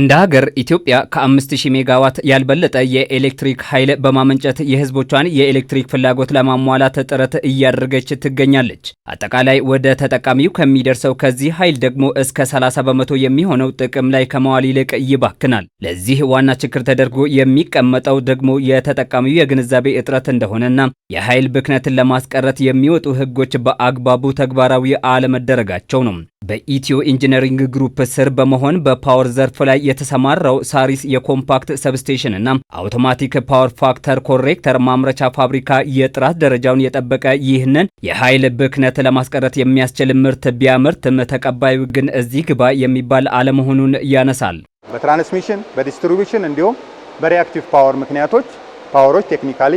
እንደ ሀገር ኢትዮጵያ ከ5000 ሜጋዋት ያልበለጠ የኤሌክትሪክ ኃይል በማመንጨት የህዝቦቿን የኤሌክትሪክ ፍላጎት ለማሟላት ጥረት እያደረገች ትገኛለች። አጠቃላይ ወደ ተጠቃሚው ከሚደርሰው ከዚህ ኃይል ደግሞ እስከ 30 በመቶ የሚሆነው ጥቅም ላይ ከመዋል ይልቅ ይባክናል። ለዚህ ዋና ችግር ተደርጎ የሚቀመጠው ደግሞ የተጠቃሚው የግንዛቤ እጥረት እንደሆነና የኃይል ብክነትን ለማስቀረት የሚወጡ ህጎች በአግባቡ ተግባራዊ አለመደረጋቸው ነው። በኢትዮ ኢንጂነሪንግ ግሩፕ ስር በመሆን በፓወር ዘርፍ ላይ የተሰማራው ሳሪስ የኮምፓክት ሰብስቴሽን እና አውቶማቲክ ፓወር ፋክተር ኮሬክተር ማምረቻ ፋብሪካ የጥራት ደረጃውን የጠበቀ ይህንን የኃይል ብክነት ለማስቀረት የሚያስችል ምርት ቢያመርትም ተቀባዩ ግን እዚህ ግባ የሚባል አለመሆኑን ያነሳል። በትራንስሚሽን በዲስትሪቢሽን እንዲሁም በሪአክቲቭ ፓወር ምክንያቶች ፓወሮች ቴክኒካሊ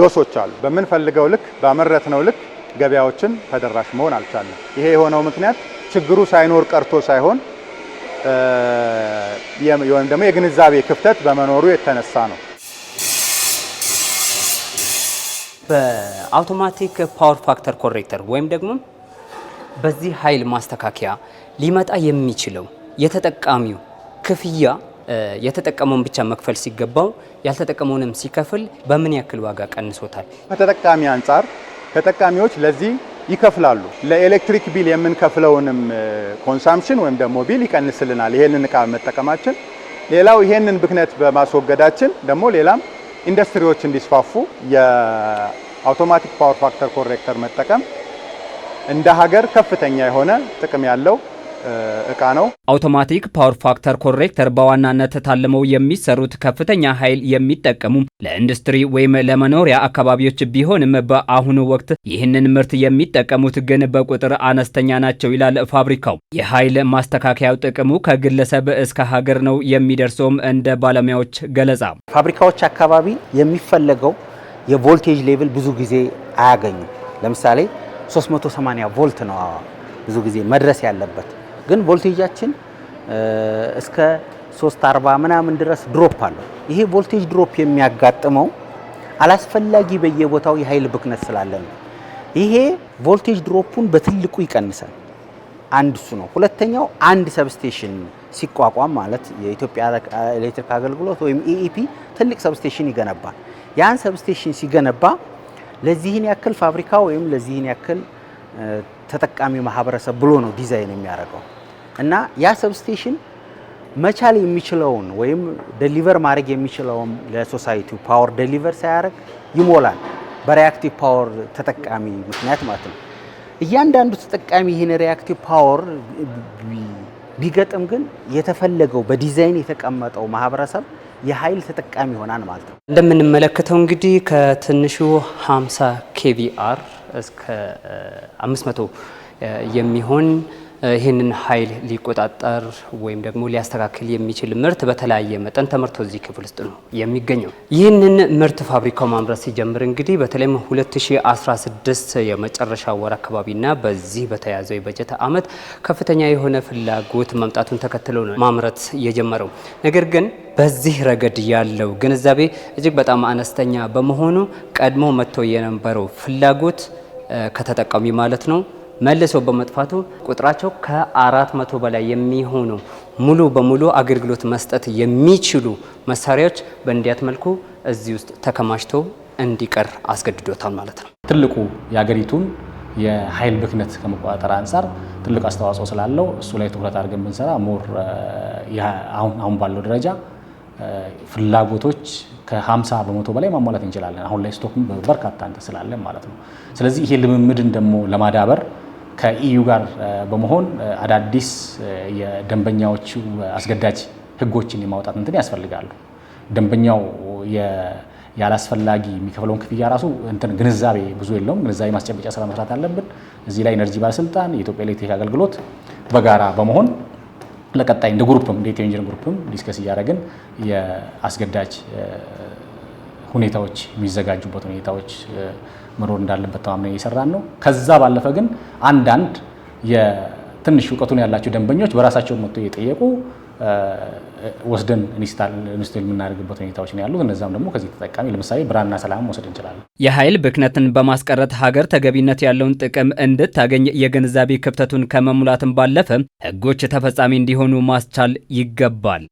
ሎሶች አሉ። በምንፈልገው ልክ ባመረትነው ልክ ገበያዎችን ተደራሽ መሆን አልቻለም። ይሄ የሆነው ምክንያት ችግሩ ሳይኖር ቀርቶ ሳይሆን ወይም ደግሞ የግንዛቤ ክፍተት በመኖሩ የተነሳ ነው። በአውቶማቲክ ፓወር ፋክተር ኮሬክተር ወይም ደግሞ በዚህ ኃይል ማስተካከያ ሊመጣ የሚችለው የተጠቃሚው ክፍያ የተጠቀመውን ብቻ መክፈል ሲገባው ያልተጠቀመውንም ሲከፍል በምን ያክል ዋጋ ቀንሶታል? ከተጠቃሚ አንጻር ተጠቃሚዎች ለዚህ ይከፍላሉ። ለኤሌክትሪክ ቢል የምንከፍለውንም ኮንሳምፕሽን ወይም ደግሞ ቢል ይቀንስልናል ይሄንን እቃ መጠቀማችን። ሌላው ይሄንን ብክነት በማስወገዳችን ደግሞ ሌላም ኢንዱስትሪዎች እንዲስፋፉ የአውቶማቲክ ፓወር ፋክተር ኮሬክተር መጠቀም እንደ ሀገር ከፍተኛ የሆነ ጥቅም ያለው እቃ ነው። አውቶማቲክ ፓወር ፋክተር ኮሬክተር በዋናነት ታልመው የሚሰሩት ከፍተኛ ኃይል የሚጠቀሙ ለኢንዱስትሪ ወይም ለመኖሪያ አካባቢዎች ቢሆንም በአሁኑ ወቅት ይህንን ምርት የሚጠቀሙት ግን በቁጥር አነስተኛ ናቸው ይላል ፋብሪካው። የኃይል ማስተካከያው ጥቅሙ ከግለሰብ እስከ ሀገር ነው የሚደርሰውም እንደ ባለሙያዎች ገለጻ ፋብሪካዎች አካባቢ የሚፈለገው የቮልቴጅ ሌቭል ብዙ ጊዜ አያገኙም። ለምሳሌ 380 ቮልት ነው ብዙ ጊዜ መድረስ ያለበት ግን ቮልቴጃችን እስከ 340 ምናምን ድረስ ድሮፕ አለው። ይሄ ቮልቴጅ ድሮፕ የሚያጋጥመው አላስፈላጊ በየቦታው የኃይል ብክነት ስላለ ነው። ይሄ ቮልቴጅ ድሮፑን በትልቁ ይቀንሳል። አንድ እሱ ነው። ሁለተኛው አንድ ሰብስቴሽን ሲቋቋም ማለት የኢትዮጵያ ኤሌክትሪክ አገልግሎት ወይም ኢኢፒ ትልቅ ሰብስቴሽን ይገነባል። ያን ሰብስቴሽን ሲገነባ ለዚህን ያክል ፋብሪካ ወይም ለዚህን ያክል ተጠቃሚ ማህበረሰብ ብሎ ነው ዲዛይን የሚያደርገው እና ያ ሰብስቴሽን መቻል የሚችለውን ወይም ደሊቨር ማድረግ የሚችለውን ለሶሳይቲው ፓወር ደሊቨር ሳያደርግ ይሞላል። በሪያክቲቭ ፓወር ተጠቃሚ ምክንያት ማለት ነው። እያንዳንዱ ተጠቃሚ ይህን ሪያክቲቭ ፓወር ቢገጥም ግን የተፈለገው በዲዛይን የተቀመጠው ማህበረሰብ የኃይል ተጠቃሚ ይሆናል ማለት ነው። እንደምንመለከተው እንግዲህ ከትንሹ 50 ኬቪአር እስከ 500 የሚሆን ይህንን ኃይል ሊቆጣጠር ወይም ደግሞ ሊያስተካክል የሚችል ምርት በተለያየ መጠን ተመርቶ እዚህ ክፍል ውስጥ ነው የሚገኘው። ይህንን ምርት ፋብሪካው ማምረት ሲጀምር እንግዲህ በተለይም 2016 የመጨረሻ ወር አካባቢና በዚህ በተያዘው የበጀት ዓመት ከፍተኛ የሆነ ፍላጎት መምጣቱን ተከትሎ ነው ማምረት የጀመረው። ነገር ግን በዚህ ረገድ ያለው ግንዛቤ እጅግ በጣም አነስተኛ በመሆኑ ቀድሞ መጥቶ የነበረው ፍላጎት ከተጠቃሚ ማለት ነው መልሰው በመጥፋቱ ቁጥራቸው ከአራት መቶ በላይ የሚሆኑ ሙሉ በሙሉ አገልግሎት መስጠት የሚችሉ መሳሪያዎች በእንዲያት መልኩ እዚህ ውስጥ ተከማችቶ እንዲቀር አስገድዶታል ማለት ነው። ትልቁ የሀገሪቱን የኃይል ብክነት ከመቆጣጠር አንጻር ትልቅ አስተዋጽኦ ስላለው እሱ ላይ ትኩረት አድርገን ብንሰራ ሞር አሁን ባለው ደረጃ ፍላጎቶች ከ50 በመቶ በላይ ማሟላት እንችላለን። አሁን ላይ ስቶክም በርካታ እንትን ስላለን ማለት ነው። ስለዚህ ይሄ ልምምድን ደግሞ ለማዳበር ከኢዩ ጋር በመሆን አዳዲስ የደንበኛዎቹ አስገዳጅ ህጎችን የማውጣት እንትን ያስፈልጋሉ። ደንበኛው ያላስፈላጊ የሚከፍለውን ክፍያ ራሱ እንትን ግንዛቤ ብዙ የለውም። ግንዛቤ ማስጨበጫ ስራ መስራት አለብን። እዚህ ላይ ኤነርጂ ባለስልጣን፣ የኢትዮጵያ ኤሌክትሪክ አገልግሎት በጋራ በመሆን ለቀጣይ እንደ ግሩፕም እንደ ኢትዮ ኢንጂን ግሩፕም ዲስከስ እያደረግን የአስገዳጅ ሁኔታዎች የሚዘጋጁበት ሁኔታዎች መኖር እንዳለበት ተማምነን እየሰራን ነው። ከዛ ባለፈ ግን አንዳንድ የትንሽ እውቀቱን ያላቸው ደንበኞች በራሳቸው መጥቶ እየጠየቁ ወስደን ኢንስታል የምናደርግበት ሁኔታዎች ነው ያሉት። እነዛም ደግሞ ከዚህ ተጠቃሚ ለምሳሌ ብራና ሰላም መውሰድ እንችላለን። የኃይል ብክነትን በማስቀረት ሀገር ተገቢነት ያለውን ጥቅም እንድታገኝ የግንዛቤ ክፍተቱን ከመሙላትም ባለፈ ህጎች ተፈጻሚ እንዲሆኑ ማስቻል ይገባል።